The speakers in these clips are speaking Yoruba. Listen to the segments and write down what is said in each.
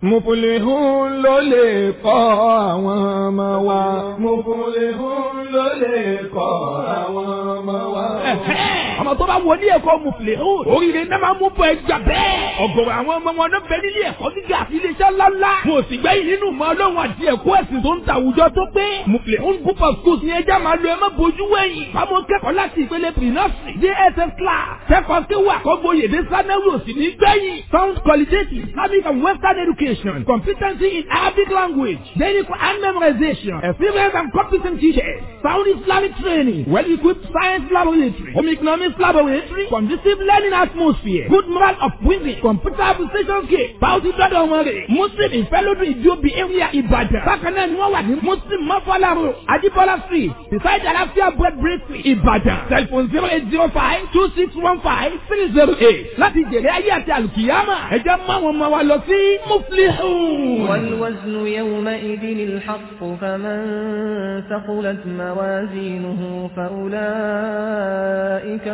Mupulihun ló lè kọ́ àwọn ọmọ wa. Mupulihun ló lè kọ́ àwọn ọmọ wa ọmọ tó bá wọlé ẹ̀kọ́ mu filẹ̀ o oríire náà máa mú bọ ẹja bẹ́ẹ̀ ọ̀gọ̀rọ̀ àwọn ọmọ wọn náà bẹ nílé ẹ̀kọ́ gíga iléeṣẹ́ ńláńlá mo sì gbẹ́yìn nínú mọ ọlọ́run àti ẹ̀kọ́ ẹ̀sìn tó ń ta àwùjọ tó pé mu filẹ̀ ń group of schools ní ẹja máa lo ẹ má bojú wẹ̀yìn bámu kẹ́kọ̀ọ́ láti ìpele pre-nursery dss class kẹ́kọ̀ọ́ kéwà kọ́gboyèdè sanẹ́wò sì ní gbẹ̀yìn sound qualitative Islamic and Western education competency in Arabic language daily Quran memorization experience and competent teachers sound Islamic training well-equipped science laboratory home economics safe laboratory, conducive learning atmosphere, good moral of women, computer application kit, báwùsí dọ́dọ̀ the rè. Muslim ìfẹ́lódún ìjóbi area Ìbàdàn. Bákan náà ni wọ́n wà ní Muslim Mọ́fọ́lá Road, Adébọ́lá Street, beside Àlàáfíà Bread Bakery, Ìbàdàn. Telephone zero eight zero five two six one five three zero eight. Láti jèrè ayé àti àlùkìyámà, ẹ jẹ́ mú àwọn ọmọ wa lọ sí Muflihun. والوزن يومئذ الحق فمن ثقلت موازينه فأولئك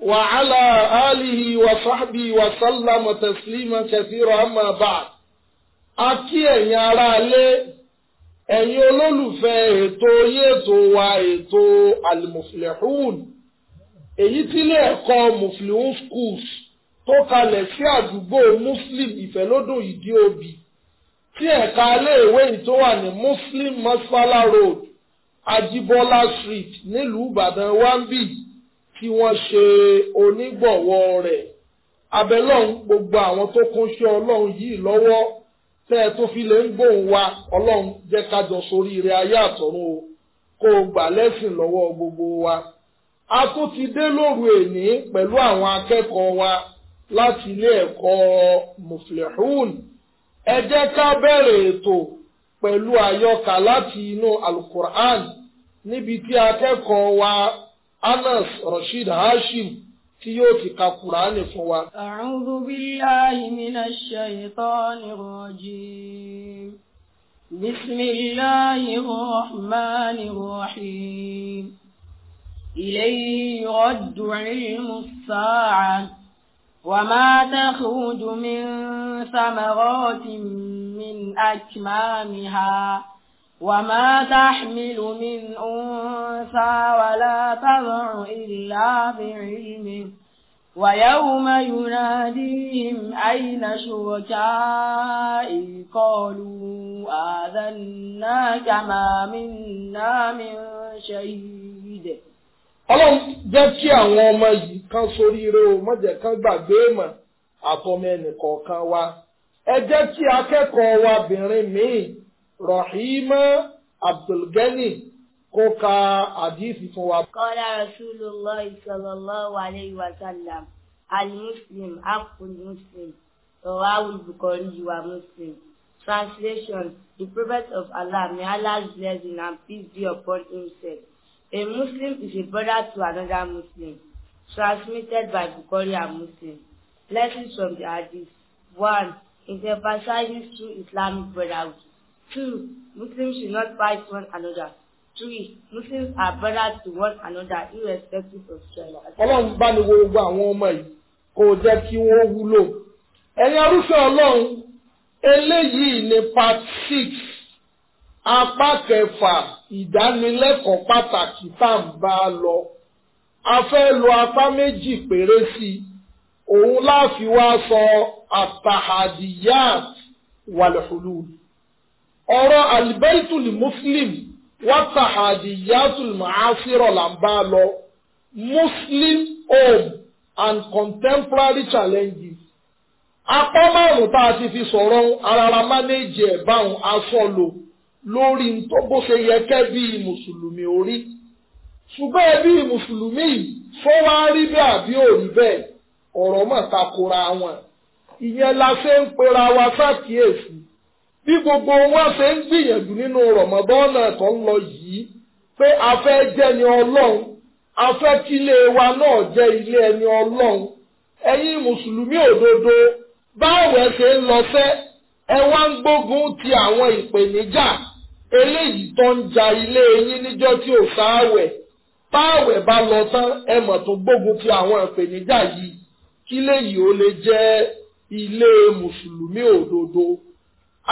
وعلى آله وصحبه وسلم تسليما كثيرا أما بعد akí ẹ̀yin aráalé ẹ̀yin olólùfẹ́ ètò yé ètò wa ètò alimuflehun èyí tílé ẹ̀kọ́ muflehun schools tó kalẹ̀ sí àdúgbò muslim ìfẹ́lódùn ìdí òbí tí ẹ̀ka iléèwé yìí muslim tí wọ́n ṣe onígbọ̀wọ́ rẹ̀ abẹ́lọ́hún gbogbo àwọn tó kúnṣẹ́ ọlọ́run yìí lọ́wọ́ tẹ́ ẹ tó fi lè ń gbóhùn wa ọlọ́run jẹ́ ká jọ sórí ire ayé àtọ̀run o kó o gbà lẹ́sìn lọ́wọ́ gbogbo wa a tún ti dé lóru èní pẹ̀lú àwọn akẹ́kọ̀ọ́ wa láti ilé ẹ̀kọ́ muflihun ẹ jẹ́ ká bẹ̀rẹ̀ ètò pẹ̀lú àyọkà láti inú alukur'an níbi tí akẹ́kọ̀ọ́ wa Anas Rashid Hashim tí yóò ti ka Kùránì fún wa. A'udhu billahi minash shaitanir rajim. Bismillahir rahmanir rahim. Ilayhi yuraddu ilmus sa'ah. وما تخرج من ثمرات من أكمامها وما تحمل من أنثى ولا تضع إلا بعلمه ويوم يناديهم أين شركائي قالوا آذنا كما منا من شهيد ọlọ́run jẹ́ kí àwọn ọmọ yìí kan ṣoríire o má kan gbàgbé mọ̀ àtọmọ ẹnì kọ̀ọ̀kan wa ẹ jẹ́ kí akẹ́kọ̀ọ́ wa bìnrin míì rahima abdulgani kó ka àdìsí fún wa. kọ́lá rasulullah sallallahu alayhi wa sallam al-muslim akul muslim rawahul bukhari wa muslim. Translation The Prophet of Allah, may Allah's blessing and peace be upon him, said, A Muslim is a brother to another Muslim. Transmitted by Bukhari and Muslim. Lessons from the Hadith. One. It emphasizes true Islamic brotherhood. Two, Muslims should not fight one another. Three, Muslims are brothers to one another irrespective of gender. Ọlọ́run bá ní wo gbogbo àwọn ọmọ yìí kò jẹ́ kí wọ́n wúlò. Ẹ̀yin arúfẹ́ Ọlọ́run, eléyìí ni part six apá kẹfà ìdánilẹ́kọ̀ọ́ pàtàkì tá à ń bá a lọ. A fẹ́ lo apá méjì péré sí i. Òun láfi wá sọ àtàhàdìyàt wàlúhùlù ọ̀rọ̀ albaitul muslim wa tahadiyatul ma'asiro là ń bá lọ muslim home and contemporary challenges apá márùn tá a ti fi sọ̀rọ̀ arara mánéèjì ẹ̀ báwọn aṣọ lò lórí tó bó ṣe yẹ kẹ́ bí mùsùlùmí orí ṣùgbọ́n ẹbí mùsùlùmí fọwọ́ rí bẹ́ẹ̀ àbí òrí bẹ́ẹ̀ ọ̀rọ̀ mọ̀ takora wọn ìyẹn la ṣe ń pera wa ṣàkíyèsí bí gbogbo wa ṣe ń gbìyànjú nínú rọ̀mọ́dọ́nà tó ń lọ yìí pé a fẹ́ jẹ́ ni ọlọ́run a fẹ́ kí ilé wa náà jẹ́ ilé ẹni ọlọ́run ẹ̀yin mùsùlùmí òdodo báwo ẹ ṣe ń lọ sẹ́ ẹ wá ń gbógun ti àwọn ìpèníjà eléyìí tó ń ja ilé yín níjọ́ tí ò sáàwẹ̀ táwẹ̀ bá lọ tán ẹ mọ̀ tó gbógun ti àwọn ìpèníjà yìí kí léyìí ó lè jẹ́ ilé mùsùlùmí òdodo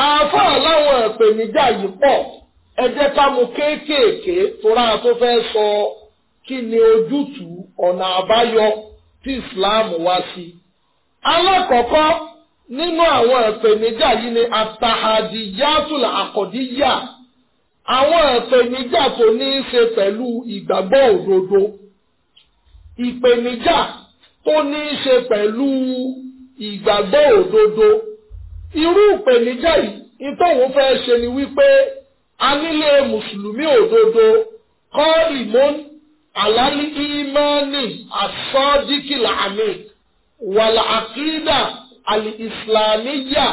àáfàá láwọn ìpèníjà yìí pọ̀ ẹ jẹ́ ká mú kéékèèké tóra tó fẹ́ sọ kí ni ojútùú ọ̀nà àbáyọ tí Islam wá sí. alákọ̀ọ́kọ́ nínú àwọn ìpèníjà yìí ni atahadiyatul akọ̀díyà àwọn ìpèníjà tó ní í ṣe pẹ̀lú ìgbàgbọ́ òdodo ìpèníjà tó ní í ṣe pẹ̀lú ìgbàgbọ́ òdodo irú ìpèníjà yìí tóun fẹ́ ṣe ni wípé a nílé mùsùlùmí òdodo kọ́ ìmọ̀n àlálí ìmọ̀ọ́nì àsọ́díkìlà àmì wàlà àkídà àlì ìsìlámíyà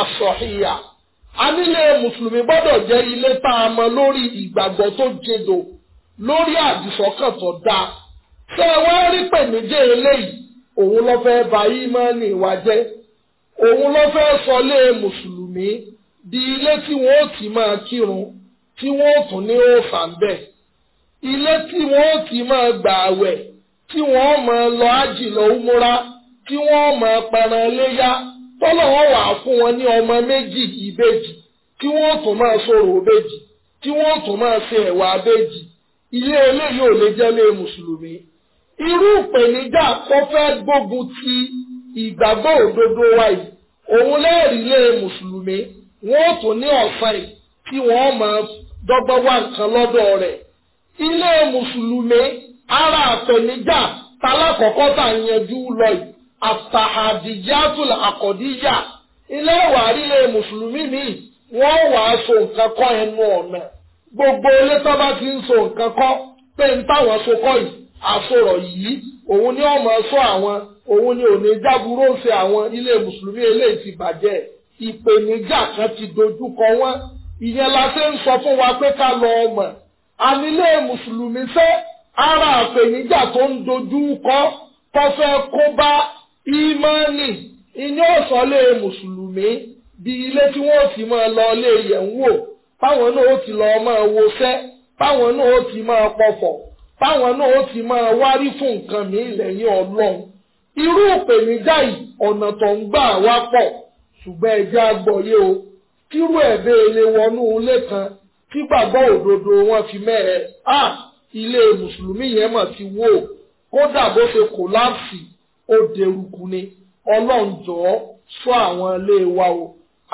àsọ̀hìyà a nílé mùsùlùmí gbọ́dọ̀ jẹ́ ilé tá a mọ lórí ìgbàgbọ́ tó jẹdò lórí àdìsọ́kàn tó dáa ṣé wọ́n rí pèníjà eléyìí òun ló fẹ́ ba ìmọ̀ọ́nì wa jẹ́ òun ló fẹ́ sọlé mùsùlùmí di ilé tí wọ́n ó ti máa kírun tí wọ́n ó tún ní òòfà ń bẹ̀ ilé tí wọ́n ó ti máa gbà àwẹ̀ tí wọ́n máa lọ ájì lọ múra tí wọ́n máa pẹran léyá tọ́lọ̀ wọn wà fún wọn ní ọmọ méjì ìbejì tí wọ́n tún máa sọ̀rọ̀ ìbejì tí wọ́n tún máa ṣe ẹ̀wà ìbejì ilé eléyìí ò lè jẹ́ lé mùsùlùmí irú ìpèníjà kò fẹ́ gbógun ti. ìgbàgbọ́ òdodo wa yìí òun lẹ́ẹ̀rí lé mùsùlùmí wọn ò tún ní ọ̀sán yìí tí wọ́n máa dọ́gbọ́n wá nǹkan lọ́dọ̀ rẹ̀ ilé mùsùlùmí ara àtọ̀níjà tálákọ̀ọ́kọ́ tà ń yanjú lọ yìí àtàhàdìjátùl àkọ̀díjà ilé ìwà rílé mùsùlùmí mi wọ́n wà á so nǹkan kọ́ ẹnu gbogbo ilé tó bá ti ń so nǹkan kọ́ pé ń àsọ̀rọ̀ yìí òun ni ọmọ sọ àwọn òun ni òní jábúrò ń ṣe àwọn ilé mùsùlùmí eléyìí ti bàjẹ́ ìpèníjà kan ti dojúkọ wọn ìyẹn la ṣe ń sọ fún wa pé ká lọ ọmọ ànílé mùsùlùmí fẹ́ ara àpèníjà tó ń dojúkọ tó fẹ́ kó bá ìmọ̀ọ́nì ìyẹn ọ̀sọ́lé mùsùlùmí di ilé tí wọ́n ti máa lọ ilé yẹn ń wò báwọn náà ó ti lọ ọmọ wo fẹ́ báwọn náà ó ti máa pọ̀fọ̀ táwọn náà ó ti máa wárí fún nǹkan mi lẹ́yìn ọlọ́run irú ìpèníjà yìí ọ̀nà tó ń gbà wá pọ̀ ṣùgbọ́n ẹja gbọ́yé o kírú ẹ̀bẹ́ ilé wọnú ilé kan kí gbàgbọ́ òdodo wọn fi mẹ́ẹ̀ á ilé mùsùlùmí yẹn mà ti wó kódà bó ṣe kòláàsì ó derùkù ni ọlọ́run jọ̀ọ́ sọ àwọn ilé wa o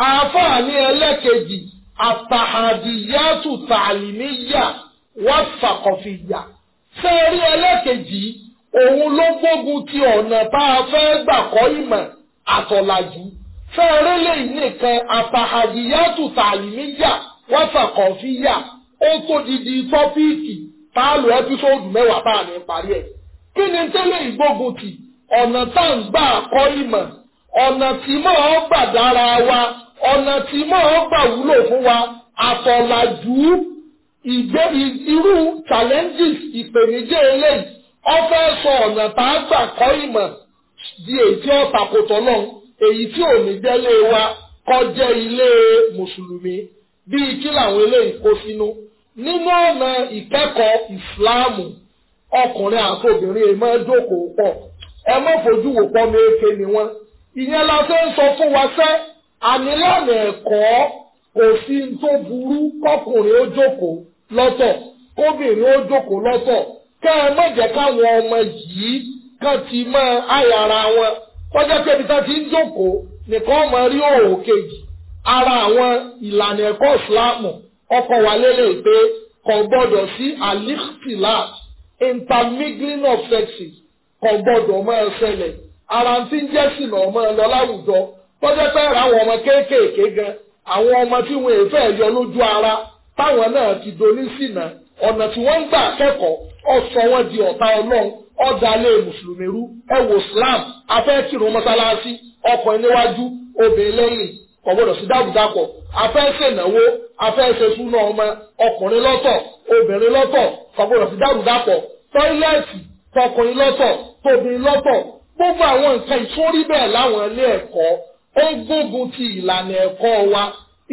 àǹfààní ẹlẹ́kejì àtàhàdìyàtù tàlímíyà wàsàkọ̀fìyà ṣé orí ẹlẹ́kejì òun ló gbógun ti ọ̀nà tá a fẹ́ gbà kọ́ ìmọ̀ àtọ̀làjú fẹ́ rélé nìkan àtàhàdìyàtù tàlímíyà wọ́sàkọ̀fíyà ó tó didi tọ́píìkì tá a lò ẹ́písòdù mẹ́wàá tá a ní parí ẹ̀ kí ni tẹ́lẹ̀ ìgbógun ti ọ̀nà tá à ń gbà kọ́ ìmọ̀ ọ̀nà tí mọ̀ ọ́ gbà dára wa ọ̀nà tí mọ̀ ọ́ gbà wúlò fún wa àtọ̀làjú ìgbé irú challenges ìpèníjẹ́ eléyìí ọfẹ́ sọ ọ̀nà tá a gbà kọ́ ìmọ̀ di èyí tí ó takòtò náà èyí tí ò ní jẹ́lé wa kọ́ jẹ́ ilé mùsùlùmí bíi kí làwọn eléyìí kó sínú nínú ọ̀nà ìkẹ́kọ̀ọ́ ìsìláàmù ọkùnrin àti obìnrin ẹ máa jókòó pọ̀ ẹ má fojú wò pọ̀ mi èké ni wọ́n ìyẹn la fẹ́ sọ fún wa sẹ́ ànílànà ẹ̀kọ́ kò sí tó burú kọkùnrin ó jókòó lọ́tọ̀ kóbìnrin ó jókòó lọ́tọ̀ ká ẹ má jẹ́ káwọn ọmọ yìí kan ti máa àyàrá wọn kọjá pé ibi tá ti ń jókòó nìkan ọmọ rí òòrùn kejì ara àwọn ìlànà ẹ̀kọ́ ìsìláàmù ọkọ̀ wà lélẹ̀ pé kò gbọ́dọ̀ sí alixtila intermingling of sexes kò gbọ́dọ̀ máa ṣẹlẹ̀ ara ti ń jẹ́ sìnà ọmọ ẹ lọ láwùjọ tọ́jọ́ pé àwọn ọmọ kéékèèké gan àwọn ọmọ tí wọn èèfẹ́ yọ lójú ara táwọn náà ti donísìnà ọ̀nà tí wọ́n ń gbà kẹ́kọ̀ọ́ ọ̀sọ̀ wọn di ọ̀tá ọlọ́run ọ̀dàlẹ̀ mùsùlùmí rú ẹ wò Islam afẹ́ kírun mọ́sálásí ọkùnrin níwájú obìnrin lẹ́yìn kò gbọ́dọ̀ sí dábùdápọ̀ afẹ́ ṣènáwó afẹ́ ṣe súná ọmọ ọkùnrin lọ́tọ̀ obìnrin lọ́tọ̀ kò gbọ́dọ̀ sí dábùdápọ̀ tọ́ílẹ̀tì tọkùnrin lọ́tọ̀ tóbìnrin lọ́tọ̀ gbogbo àwọn nǹkan ìtúrí bẹ́ẹ̀ láwọn ilé ẹ̀kọ́ ó ń gbógun ti ìlànà ẹ̀kọ́ wa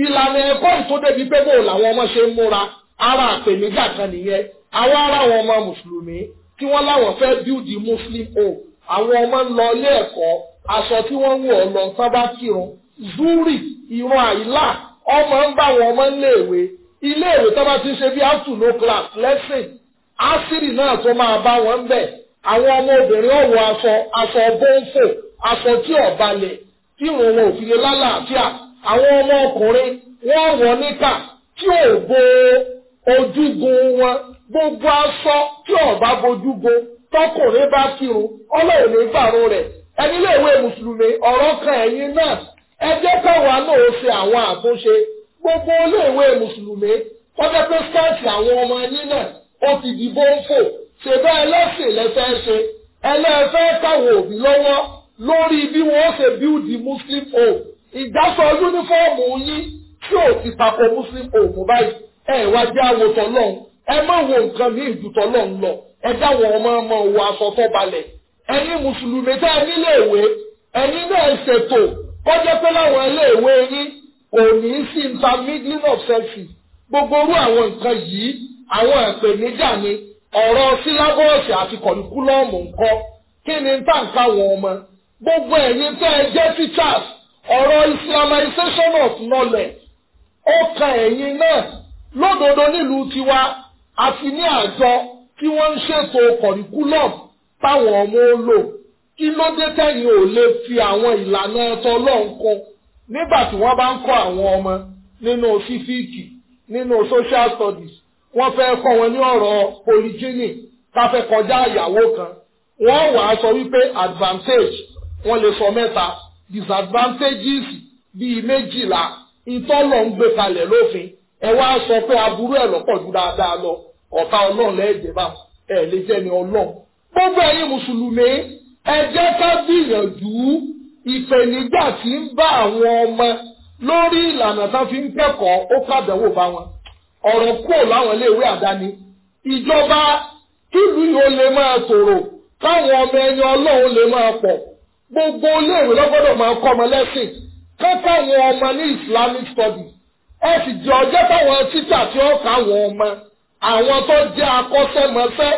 ìlànà ẹ̀kọ́ ìtódébi pé bò làwọn ọmọ ṣe ń múra ara àpèníjà kan nìyẹn àwọn ará àwọn ọmọ mùsùlùmí tí wọ́n láwọn fẹ́ bíúdi muslim home àwọn ọmọ ń lọ ilé ẹ̀kọ́ aṣọ tí wọ́n ń wọ̀ lọ sábà kírun zuri ìran àìlà ọmọ ń bá àwọn ọmọ iléèwé iléèwé sábà ti ń ṣe bí afterno class lesson asiri náà tó máa bá wọn ń bẹ̀ àwọn ọmọ obìnrin ọ̀wọ́ aṣọ aṣọ bọ́ńfò aṣọ tí ọ̀balẹ̀ kírun wọn ò lálàáfíà àwọn ọmọ ọkùnrin wọ́n wọ̀ níta tí ò bo ojúgun wọn gbogbo aṣọ tí ọba bojúgo tọkùnrin bá kírun ọlọ́run ní gbàrún rẹ̀ ẹni léèwé mùsùlùmí ọ̀rọ̀ kan ẹ̀yin náà ẹ jẹ́ káwa náà ṣe àwọn àtúnṣe gbogbo léèwé mùsùlùmí tọ́jọ́ pé sẹ́ẹ̀tì àwọn ọmọ ẹni náà ó ti dìbò ń fò ṣèbá ẹlẹ́sìn lẹ́fẹ́ ṣe ẹlẹ́fẹ́ káwọn òbí lọ́wọ́ lórí bí wọ́n ṣe bíúdì muslim home ìjásọ yúnífọ́ọ̀mù yín tí ò ti tako muslim òògùn báyìí ẹ wá jẹ́ àwòtọ́ lọ́hùn ẹ má wo nǹkan ní ìdùtọ́ lọ́hùn lọ ẹ dáwọn ọmọ ọmọ òwò aṣọ tó balẹ̀ ẹ̀yin mùsùlùmí tá ẹ nílé ìwé ẹ̀yin náà ṣètò ó jẹ́ pé láwọn iléèwé yín kò ní í sí intermingling of sexes gbogbo orú àwọn nǹkan yìí àwọn ìpèníjà ni ọ̀rọ̀ sílábọ̀ọ̀sì àti kọ̀lùkúlọ́ọ̀mù ńkọ́ kí ni táǹkà wọn ọmọ gbogbo ẹ̀yin tẹ́ ẹ jẹ́ teachers ọ̀rọ̀ Islamization of knowledge ó kan ẹ̀yin náà lódodo nílùú tiwa a fi ní àjọ tí wọ́n ń ṣètò curriculum táwọn ọmọ ó lò kí ló dé tẹ̀yìn ò lè fi àwọn ìlànà ẹ̀tọ́ ọlọ́run kún nígbà tí wọ́n bá ń kọ́ àwọn ọmọ nínú fífíìkì nínú social studies wọ́n fẹ́ kọ́ wọn ní ọ̀rọ̀ polygyny káfẹ́ kọjá ìyàwó kan wọ́n wàá sọ wípé advantage wọ́n lè sọ mẹ́ta disadvantages bíi méjìlá ìtọ́lọ̀ ń gbé kalẹ̀ lófin ẹ wá sọ pé aburú ẹ̀ lọ́pọ̀ ju dáadáa lọ ọ̀tá ọlọ́run lẹ́ẹ̀jẹ̀ bá ẹ̀ lè jẹ́ ni ọlọ́run. gbogbo ẹ̀yin mùsùlùmí ẹ jẹ́ ká gbìyànjú ìpèníjà tí ń bá àwọn ọmọ lórí ìlànà tán fi ń kẹ́kọ̀ọ́ ó kàdánwò bá wọn ọ̀rọ̀ kúrò láwọn iléèwé àdáni ìjọba kílùú yìí ó lè máa tòrò káwọn ọmọ ẹni ọlọ́run lè máa pọ̀ gbogbo iléèwé lọ́gbọ́dọ̀ máa kọ́ ọmọ lẹ́sìn kọ́kọ́ àwọn ọmọ ní islamic studies ẹ sì jẹ́ ọjọ́ táwọn títà tí ó kà àwọn ọmọ àwọn tó jẹ́ akọ́ṣẹ́mọṣẹ́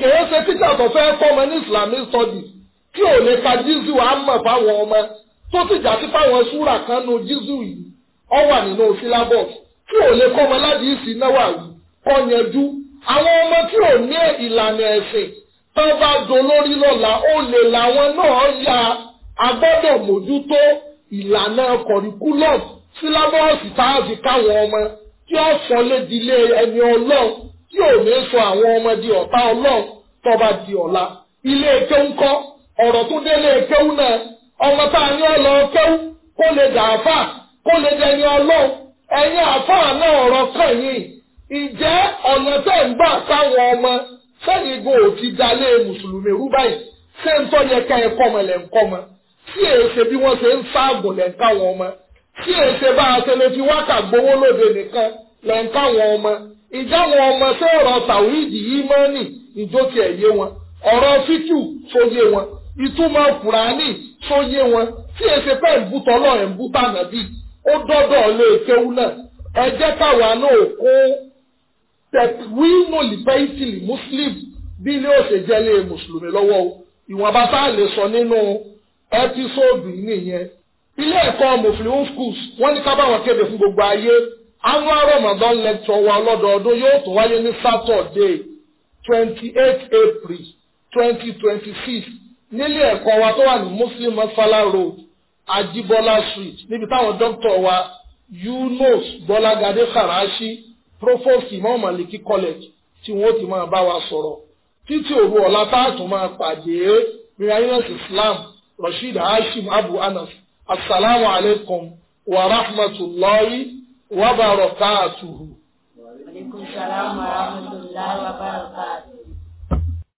kìí ṣe títà tó fẹ́ kọ́ ọmọ ní islamic studies kí ò lè ka jísù àmọ̀ fáwọn ọmọ tó sì jà sí fáwọn súrà kan nu jísù yìí ọ wà nínú syllabus kí ò lè kọ́ ọmọ láti ìsìn náwà kọ́ yanjú àwọn ọmọ tí ò ní ìlànà ẹ̀sìn tó bá dolórí lọ́la ó lè làwọn náà ya agbọ́dọ̀ mójútó ìlànà curriculum sílábọ̀ọ̀sì táàbì káwọn ọmọ kí ó sọ lédìlé ẹni ọlọ́run kí ò ní sọ àwọn ọmọ di ọ̀tá ọlọ́run tó bá di ọ̀la ilé kéwú kọ́ ọ̀rọ̀ tó délé kéwú náà ọmọ tá a ní ọ̀lọ́ kéwú kó lè dà áfà kó lè dẹni ọlọ́run ẹ̀yin àfà náà ọ̀rọ̀ kàn yín ìjẹ́ ọ̀nà tẹ̀ ń gbà káwọn ọmọ sẹ́yìn go ò ti dalé mùsùlùmí rú báyìí ṣé ń tọ́ yẹ ká ẹ̀kọ́ ọmọ lẹ̀ ń kọ́ ọmọ tí èsè bí wọ́n ṣe ń sáàgùn lẹ̀ ń káwọn ọmọ tí èsè bá a ṣe lè fi wákà gbowó lóde nìkan lẹ̀ ń káwọn ọmọ ìjà wọn ọmọ ṣé ọ̀rọ̀ tàwíìdì yìí mọ́ nì ìjó ti ẹ̀ yé wọn ọ̀rọ̀ fíkù sóyé wọn ìtumọ̀ kùránì sóyé wọn tí èsè pẹ́ ń bú tọ́lọ́ ẹ̀ ń bú tànàbí ó dọ́dọ̀ lé tẹ̀wínú lìbẹ́ìtìlì muslim bí ilé òṣèjẹ́lé mùsùlùmí lọ́wọ́ o ìwọ̀nba tá a lè sọ nínú ẹ́písòdù yìí nìyẹn. ilé ẹ̀kọ́ mufliun schools wọ́n ní ká báwọn kéde fún gbogbo ayé annual ramadan lecture wa lọ́dọọdún yóò tún wáyé ní saturday twenty eight april twenty twenty six nílé ẹ̀kọ́ wa tó wà ní muslim masala road ajibola street níbi táwọn dókítà wa yunus bọ́lágadé karashi prófọ́sì Imam Maliki college tí wọ́n ti máa bá wa sọ̀rọ̀ títí òru ọ̀la táàtún máa pàdé mirayinus Islam Rasheed Hashim Abu Anas asalaamu alaykum wa rahmatulahi wa barakatuhu. wa aleykum salaam wa rahmatulahi wa barakatuhu.